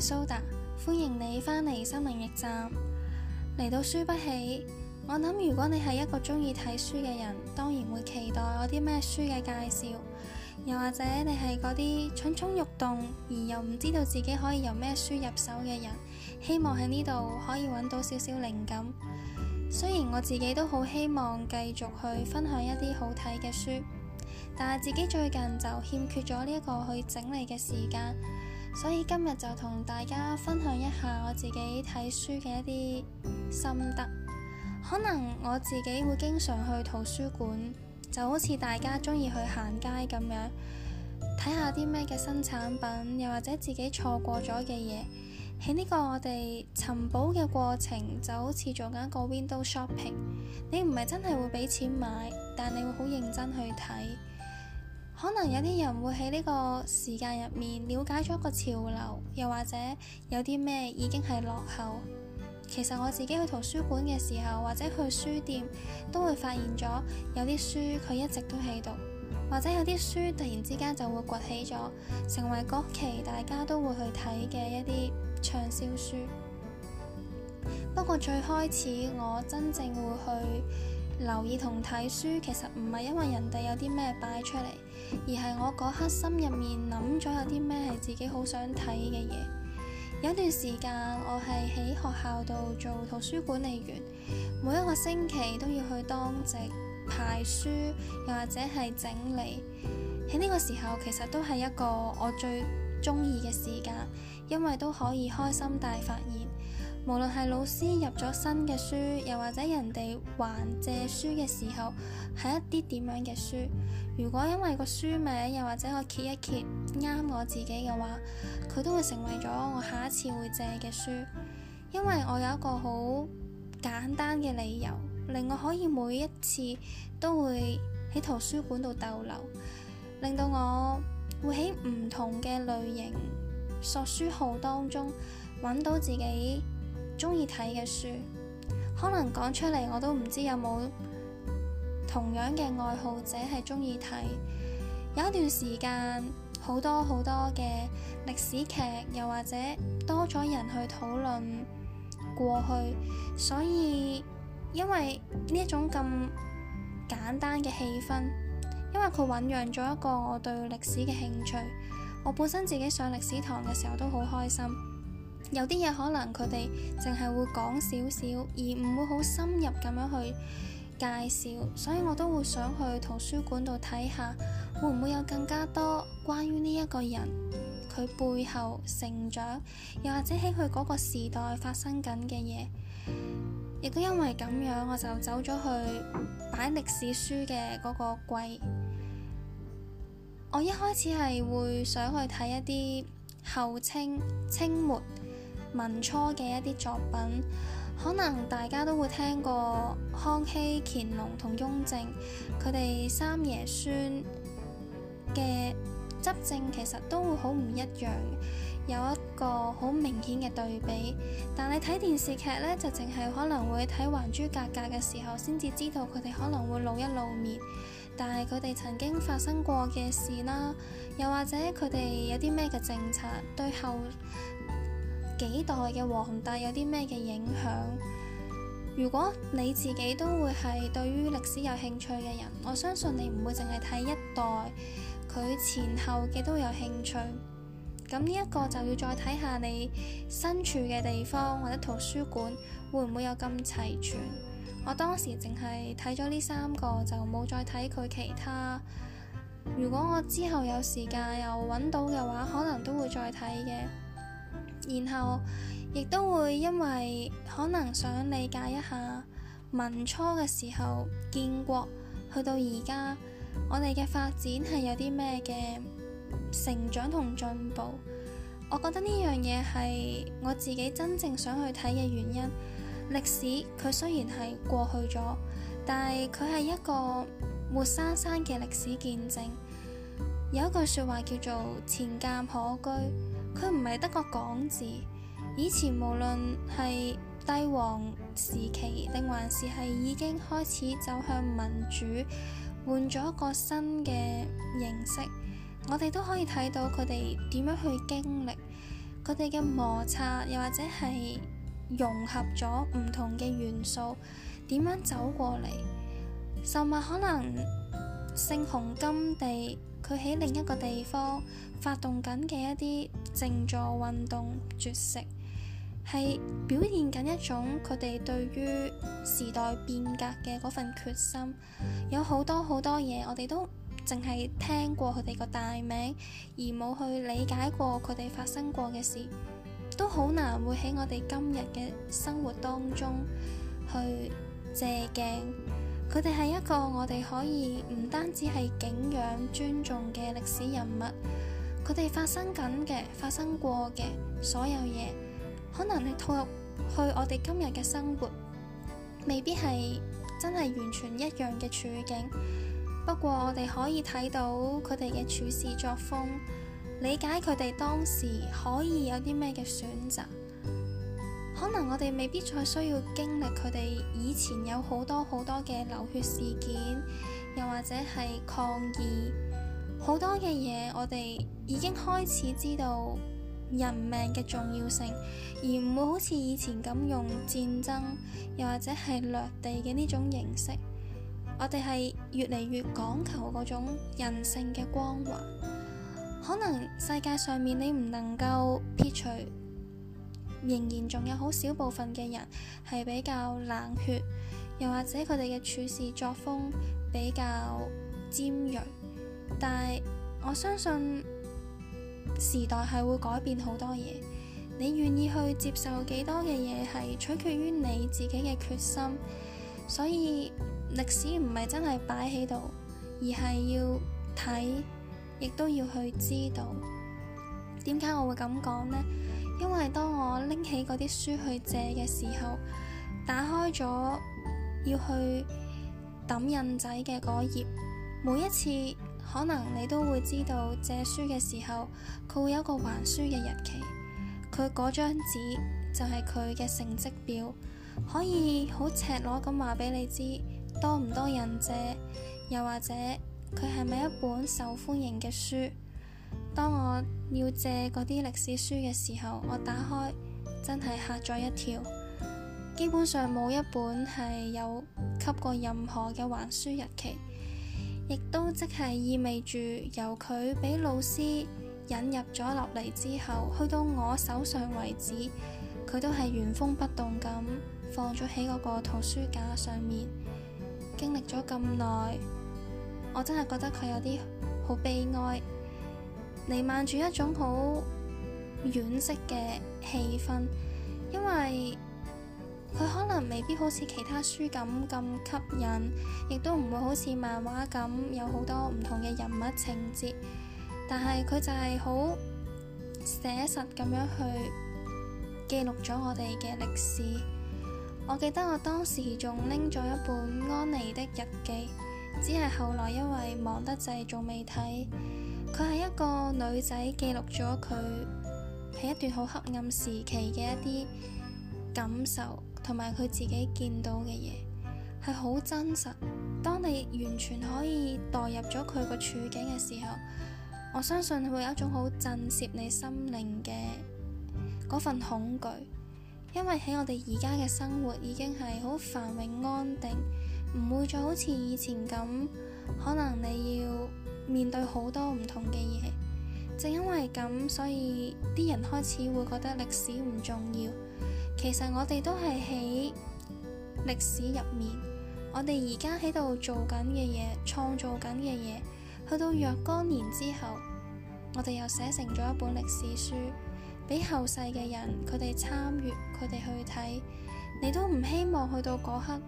蘇達，Soda, 歡迎你返嚟心靈驛站。嚟到書不喜，我諗如果你係一個中意睇書嘅人，當然會期待我啲咩書嘅介紹。又或者你係嗰啲蠢蠢欲動而又唔知道自己可以由咩書入手嘅人，希望喺呢度可以揾到少少靈感。雖然我自己都好希望繼續去分享一啲好睇嘅書，但係自己最近就欠缺咗呢一個去整理嘅時間。所以今日就同大家分享一下我自己睇書嘅一啲心得。可能我自己會經常去圖書館，就好似大家鍾意去行街咁樣，睇下啲咩嘅新產品，又或者自己錯過咗嘅嘢。喺呢個我哋尋寶嘅過程，就好似做緊一個 window shopping。你唔係真係會俾錢買，但你會好認真去睇。可能有啲人會喺呢個時間入面了解咗個潮流，又或者有啲咩已經係落後。其實我自己去圖書館嘅時候，或者去書店，都會發現咗有啲書佢一直都喺度，或者有啲書突然之間就會崛起咗，成為嗰期大家都會去睇嘅一啲暢銷書。不過最開始我真正會去。留意同睇書，其實唔係因為人哋有啲咩擺出嚟，而係我嗰刻心入面諗咗有啲咩係自己好想睇嘅嘢。有段時間我係喺學校度做圖書管理員，每一個星期都要去當值排書，又或者係整理。喺呢個時候，其實都係一個我最中意嘅時間，因為都可以開心大發現。無論係老師入咗新嘅書，又或者人哋還借書嘅時候，係一啲點樣嘅書？如果因為個書名，又或者我揭一揭啱我自己嘅話，佢都會成為咗我下一次會借嘅書，因為我有一個好簡單嘅理由，令我可以每一次都會喺圖書館度逗留，令到我會喺唔同嘅類型索書號當中搵到自己。中意睇嘅書，可能講出嚟我都唔知有冇同樣嘅愛好者係中意睇。有一段時間好多好多嘅歷史劇，又或者多咗人去討論過去，所以因為呢一種咁簡單嘅氣氛，因為佢醞釀咗一個我對歷史嘅興趣。我本身自己上歷史堂嘅時候都好開心。有啲嘢可能佢哋淨係會講少少，而唔會好深入咁樣去介紹，所以我都會想去圖書館度睇下，會唔會有更加多關於呢一個人，佢背後成長，又或者喺佢嗰個時代發生緊嘅嘢。亦都因為咁樣，我就走咗去擺歷史書嘅嗰個櫃。我一開始係會想去睇一啲後清、清末，民初嘅一啲作品，可能大家都會聽過康熙、乾隆同雍正佢哋三爺孫嘅執政，其實都會好唔一樣，有一個好明顯嘅對比。但你睇電視劇呢，就淨係可能會睇《還珠格格》嘅時候先至知道佢哋可能會露一露面，但係佢哋曾經發生過嘅事啦，又或者佢哋有啲咩嘅政策對後幾代嘅皇帝有啲咩嘅影響？如果你自己都會係對於歷史有興趣嘅人，我相信你唔會淨係睇一代，佢前後嘅都有興趣。咁呢一個就要再睇下你身處嘅地方或者圖書館會唔會有咁齊全。我當時淨係睇咗呢三個，就冇再睇佢其他。如果我之後有時間又搵到嘅話，可能都會再睇嘅。然後亦都會因為可能想理解一下民初嘅時候建國，去到而家我哋嘅發展係有啲咩嘅成長同進步。我覺得呢樣嘢係我自己真正想去睇嘅原因。歷史佢雖然係過去咗，但係佢係一個活生生嘅歷史見證。有一句説話叫做前鑑可居。佢唔係得個港字。以前無論係帝王時期，定還是係已經開始走向民主，換咗一個新嘅形式，我哋都可以睇到佢哋點樣去經歷，佢哋嘅摩擦，又或者係融合咗唔同嘅元素，點樣走過嚟。甚至可能聖洪金地，佢喺另一個地方發動緊嘅一啲，靜坐運動絕食，係表現緊一種佢哋對於時代變革嘅嗰份決心。有好多好多嘢，我哋都淨係聽過佢哋個大名，而冇去理解過佢哋發生過嘅事，都好難會喺我哋今日嘅生活當中去借鏡。佢哋係一個我哋可以唔單止係景仰、尊重嘅歷史人物。佢哋發生緊嘅、發生過嘅所有嘢，可能係套入去我哋今日嘅生活，未必係真係完全一樣嘅處境。不過我哋可以睇到佢哋嘅處事作風，理解佢哋當時可以有啲咩嘅選擇。可能我哋未必再需要經歷佢哋以前有好多好多嘅流血事件，又或者係抗議。好多嘅嘢，我哋已經開始知道人命嘅重要性，而唔會好似以前咁用戰爭，又或者係掠地嘅呢種形式。我哋係越嚟越講求嗰種人性嘅光環，可能世界上面你唔能夠撇除，仍然仲有好少部分嘅人係比較冷血，又或者佢哋嘅處事作風比較尖銳。但係我相信時代係會改變好多嘢。你願意去接受幾多嘅嘢，係取決於你自己嘅決心。所以歷史唔係真係擺喺度，而係要睇，亦都要去知道。點解我會咁講呢？因為當我拎起嗰啲書去借嘅時候，打開咗要去抌印仔嘅嗰頁，每一次。可能你都會知道借書嘅時候，佢會有一個還書嘅日期。佢嗰張紙就係佢嘅成績表，可以好赤裸咁話俾你知多唔多人借，又或者佢係咪一本受歡迎嘅書。當我要借嗰啲歷史書嘅時候，我打開真係吓咗一跳，基本上冇一本係有給過任何嘅還書日期。亦都即係意味住，由佢俾老師引入咗落嚟之後，去到我手上為止，佢都係原封不動咁放咗喺嗰個圖書架上面。經歷咗咁耐，我真係覺得佢有啲好悲哀，彌漫住一種好惋惜嘅氣氛，因為，佢可能未必好似其他書咁咁吸引，亦都唔會好似漫畫咁有好多唔同嘅人物情節。但係佢就係好寫實咁樣去記錄咗我哋嘅歷史。我記得我當時仲拎咗一本安妮的日記，只係後來因為忙得滯，仲未睇。佢係一個女仔記錄咗佢喺一段好黑暗時期嘅一啲感受。同埋佢自己見到嘅嘢係好真實。當你完全可以代入咗佢個處境嘅時候，我相信會有一種好震懾你心靈嘅嗰份恐懼。因為喺我哋而家嘅生活已經係好繁榮安定，唔會再好似以前咁，可能你要面對好多唔同嘅嘢。正因為咁，所以啲人開始會覺得歷史唔重要。其實我哋都係喺歷史入面，我哋而家喺度做緊嘅嘢、創造緊嘅嘢，去到若干年之後，我哋又寫成咗一本歷史書，俾後世嘅人佢哋參與、佢哋去睇。你都唔希望去到嗰刻，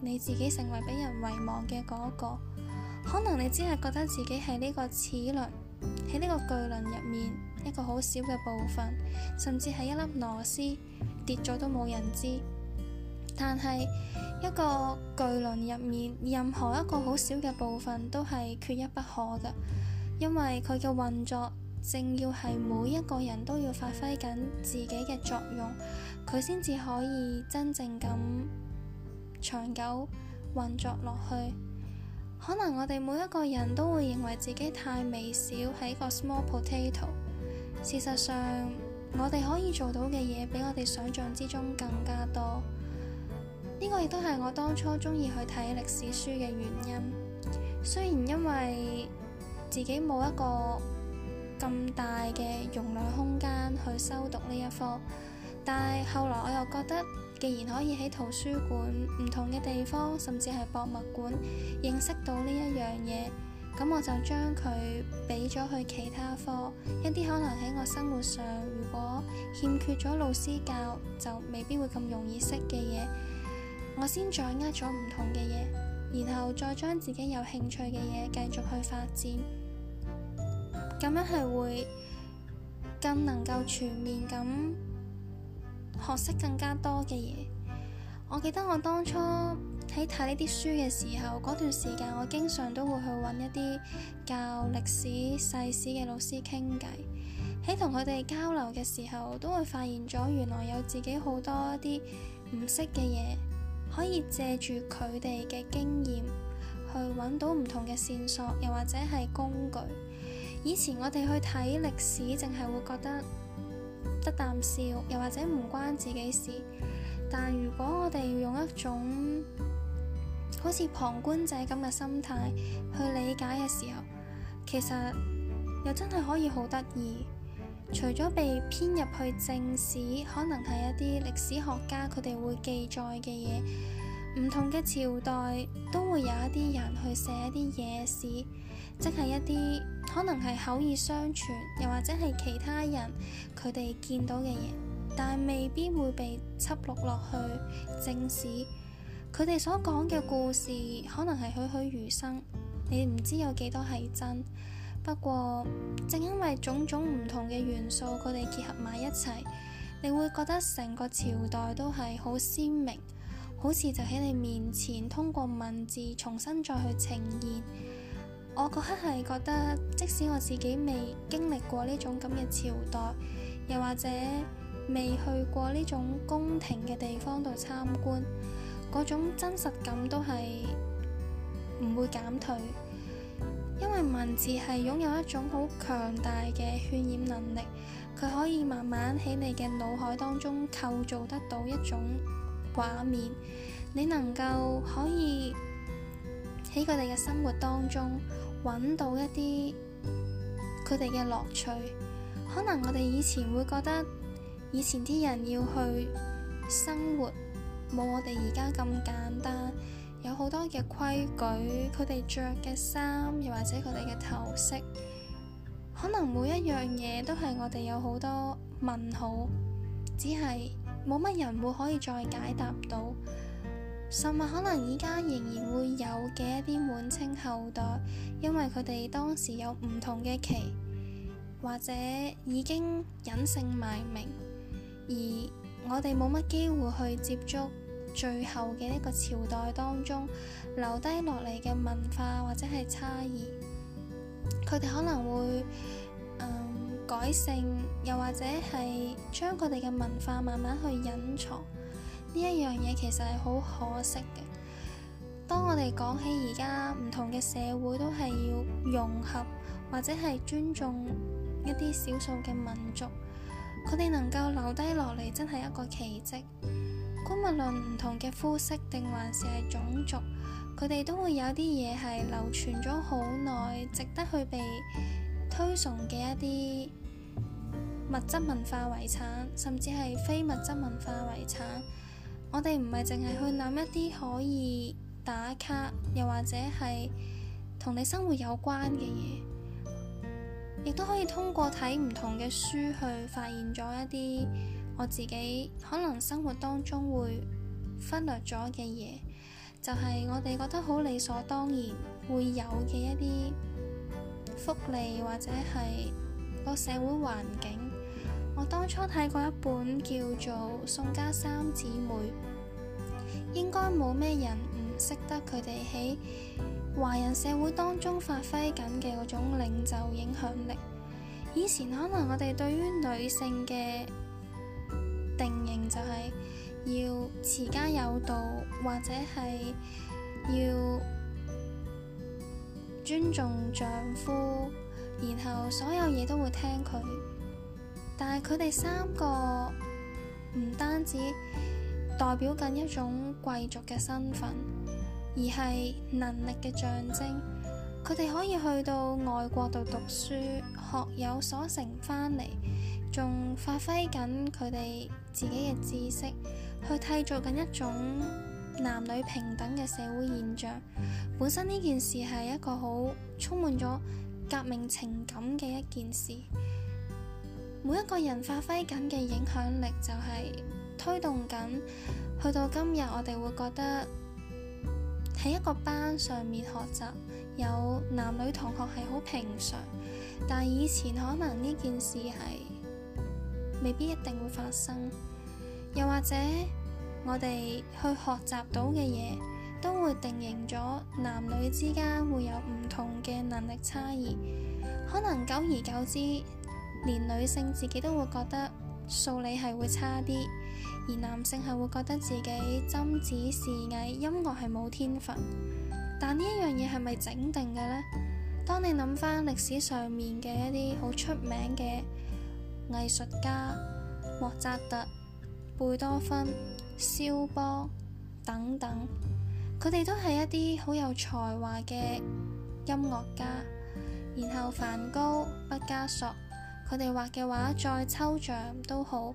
你自己成為俾人遺忘嘅嗰個。可能你只係覺得自己係呢個齒輪喺呢個巨輪入面，一個好小嘅部分，甚至係一粒螺絲跌咗都冇人知。但係一個巨輪入面，任何一個好小嘅部分都係缺一不可嘅，因為佢嘅運作正要係每一個人都要發揮緊自己嘅作用，佢先至可以真正咁長久運作落去。可能我哋每一個人都會認為自己太微小，係一個 small potato。事實上，我哋可以做到嘅嘢，比我哋想象之中更加多。呢、呢個亦都係我當初中意去睇歷史書嘅原因。雖然因為自己冇一個咁大嘅容量空間去修讀呢一科，但係後來我又覺得，既然可以喺圖書館唔同嘅地方，甚至係博物館，認識到呢一樣嘢。咁我就將佢俾咗去其他科，一啲可能喺我生活上，如果欠缺咗老師教，就未必會咁容易識嘅嘢，我先掌握咗唔同嘅嘢，然後再將自己有興趣嘅嘢繼續去發展，咁樣係會更能夠全面咁學識更加多嘅嘢。我記得我當初喺睇呢啲書嘅時候，嗰段時間我經常都會去揾一啲教歷史、細史嘅老師傾偈。喺同佢哋交流嘅時候，都會發現咗原來有自己好多一啲唔識嘅嘢，可以借住佢哋嘅經驗去揾到唔同嘅線索，又或者係工具。以前我哋去睇歷史，淨係會覺得得啖笑，又或者唔關自己事。但如果我哋要用一種好似旁觀者咁嘅心態去理解嘅時候，其實又真係可以好得意。除咗被編入去正史，可能係一啲歷史學家佢哋會記載嘅嘢，唔同嘅朝代都會有一啲人去寫一啲野史，即係一啲可能係口耳相傳，又或者係其他人佢哋見到嘅嘢。但未必會被輯錄落去正史。佢哋所講嘅故事可能係栩栩如生，你唔知有幾多係真。不過正因為種種唔同嘅元素，佢哋結合埋一齊，你會覺得成個朝代都係好鮮明，好似就喺你面前通過文字重新再去呈現。我嗰刻係覺得，即使我自己未經歷過呢種咁嘅朝代，又或者，未去過呢種宮廷嘅地方度參觀，嗰種真實感都係唔會減退，因為文字係擁有一種好強大嘅渲染能力，佢可以慢慢喺你嘅腦海當中構造得到一種畫面，你能夠可以喺佢哋嘅生活當中揾到一啲佢哋嘅樂趣。可能我哋以前會覺得。以前啲人要去生活，冇我哋而家咁簡單，有好多嘅規矩。佢哋着嘅衫，又或者佢哋嘅頭飾，可能每一樣嘢都係我哋有好多問號，只係冇乜人會可以再解答到。甚至可能而家仍然會有嘅一啲滿清後代，因為佢哋當時有唔同嘅旗，或者已經隱姓埋名。而我哋冇乜機會去接觸最後嘅一個朝代當中留低落嚟嘅文化，或者係差異，佢哋可能會、呃、改姓，又或者係將佢哋嘅文化慢慢去隱藏。呢一樣嘢其實係好可惜嘅。當我哋講起而家唔同嘅社會都係要融合，或者係尊重一啲少數嘅民族。佢哋能夠留低落嚟，真係一個奇蹟。無論唔同嘅膚色，定還是係種族，佢哋都會有啲嘢係流傳咗好耐，值得去被推崇嘅一啲物質文化遺產，甚至係非物質文化遺產。我哋唔係淨係去諗一啲可以打卡，又或者係同你生活有關嘅嘢。亦都可以通過睇唔同嘅書去發現咗一啲我自己可能生活當中會忽略咗嘅嘢，就係我哋覺得好理所當然會有嘅一啲福利或者係個社會環境。我當初睇過一本叫做《宋家三姊妹》，應該冇咩人唔識得佢哋喺。華人社會當中發揮緊嘅嗰種領袖影響力，以前可能我哋對於女性嘅定型就係要持家有道，或者係要尊重丈夫，然後所有嘢都會聽佢。但係佢哋三個唔單止代表緊一種貴族嘅身份。而係能力嘅象徵，佢哋可以去到外國度讀書，學有所成，返嚟仲發揮緊佢哋自己嘅知識，去替造緊一種男女平等嘅社會現象。本身呢件事係一個好充滿咗革命情感嘅一件事，每一個人發揮緊嘅影響力就係推動緊去到今日，我哋會覺得。喺一個班上面學習，有男女同學係好平常，但以前可能呢件事係未必一定會發生，又或者我哋去學習到嘅嘢都會定型咗，男女之間會有唔同嘅能力差異，可能久而久之，連女性自己都會覺得。數理係會差啲，而男性係會覺得自己針指事藝音樂係冇天分。但呢一樣嘢係咪整定嘅呢？當你諗翻歷史上面嘅一啲好出名嘅藝術家，莫扎特、貝多芬、肖邦等等，佢哋都係一啲好有才華嘅音樂家。然後梵高、畢加索。佢哋畫嘅畫再抽象都好，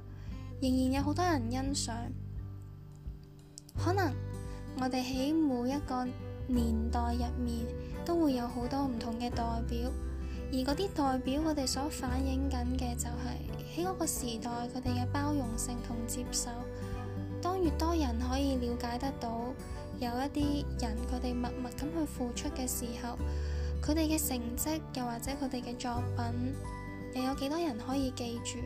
仍然有好多人欣賞。可能我哋喺每一個年代入面都會有好多唔同嘅代表，而嗰啲代表我哋所反映緊嘅就係喺嗰個時代佢哋嘅包容性同接受。當越多人可以瞭解得到有一啲人佢哋默默咁去付出嘅時候，佢哋嘅成績又或者佢哋嘅作品。又有幾多人可以記住，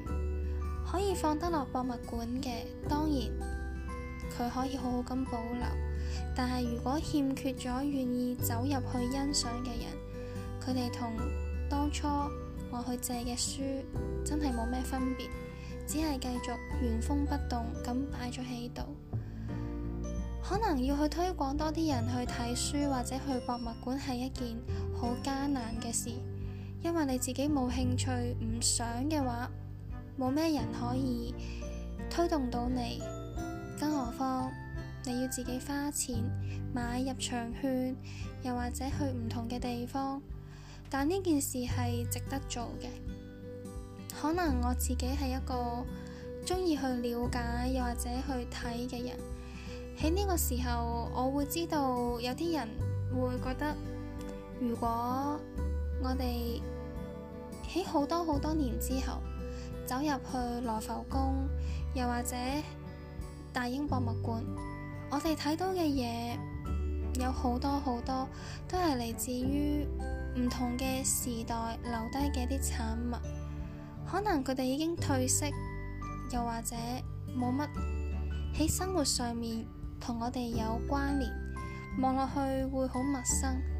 可以放得落博物館嘅？當然佢可以好好咁保留，但係如果欠缺咗願意走入去欣賞嘅人，佢哋同當初我去借嘅書真係冇咩分別，只係繼續原封不動咁擺咗喺度。可能要去推廣多啲人去睇書或者去博物館，係一件好艱難嘅事。因為你自己冇興趣唔想嘅話，冇咩人可以推動到你，更何況你要自己花錢買入場券，又或者去唔同嘅地方。但呢件事係值得做嘅。可能我自己係一個鍾意去了解又或者去睇嘅人。喺呢個時候，我會知道有啲人會覺得，如果。我哋喺好多好多年之後走入去羅浮宮，又或者大英博物館，我哋睇到嘅嘢有好多好多，都係嚟自於唔同嘅時代留低嘅啲產物，可能佢哋已經褪色，又或者冇乜喺生活上面同我哋有關聯，望落去會好陌生。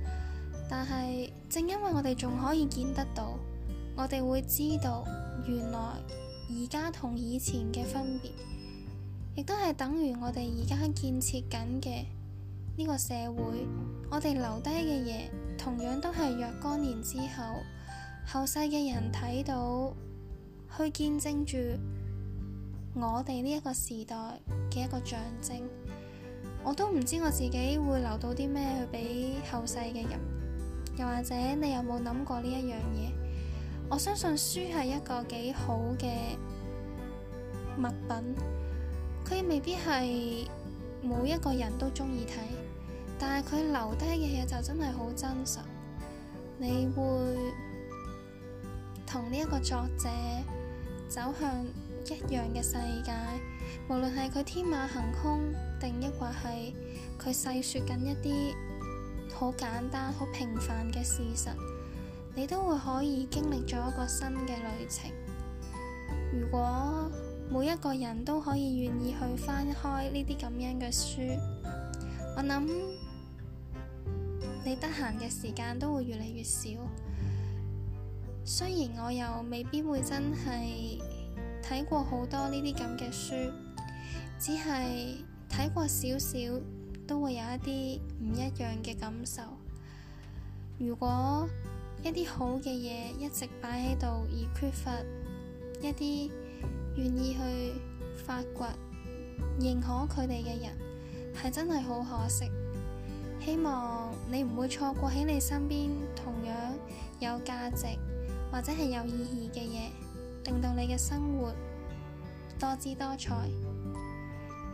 但係正因為我哋仲可以見得到，我哋會知道原來而家同以前嘅分別，亦都係等於我哋而家建設緊嘅呢個社會，我哋留低嘅嘢，同樣都係若干年之後後世嘅人睇到去見證住我哋呢一個時代嘅一個象徵。我都唔知我自己會留到啲咩去俾後世嘅人。又或者你有冇諗過呢一樣嘢？我相信書係一個幾好嘅物品，佢未必係每一個人都中意睇，但係佢留低嘅嘢就真係好真實。你會同呢一個作者走向一樣嘅世界，無論係佢天馬行空，定抑或係佢細說緊一啲。好簡單、好平凡嘅事實，你都會可以經歷咗一個新嘅旅程。如果每一個人都可以願意去翻開呢啲咁樣嘅書，我諗你得閒嘅時間都會越嚟越少。雖然我又未必會真係睇過好多呢啲咁嘅書，只係睇過少少。都會有一啲唔一樣嘅感受。如果一啲好嘅嘢一直擺喺度，而缺乏一啲願意去發掘、認可佢哋嘅人，係真係好可惜。希望你唔會錯過喺你身邊同樣有價值或者係有意義嘅嘢，令到你嘅生活多姿多彩。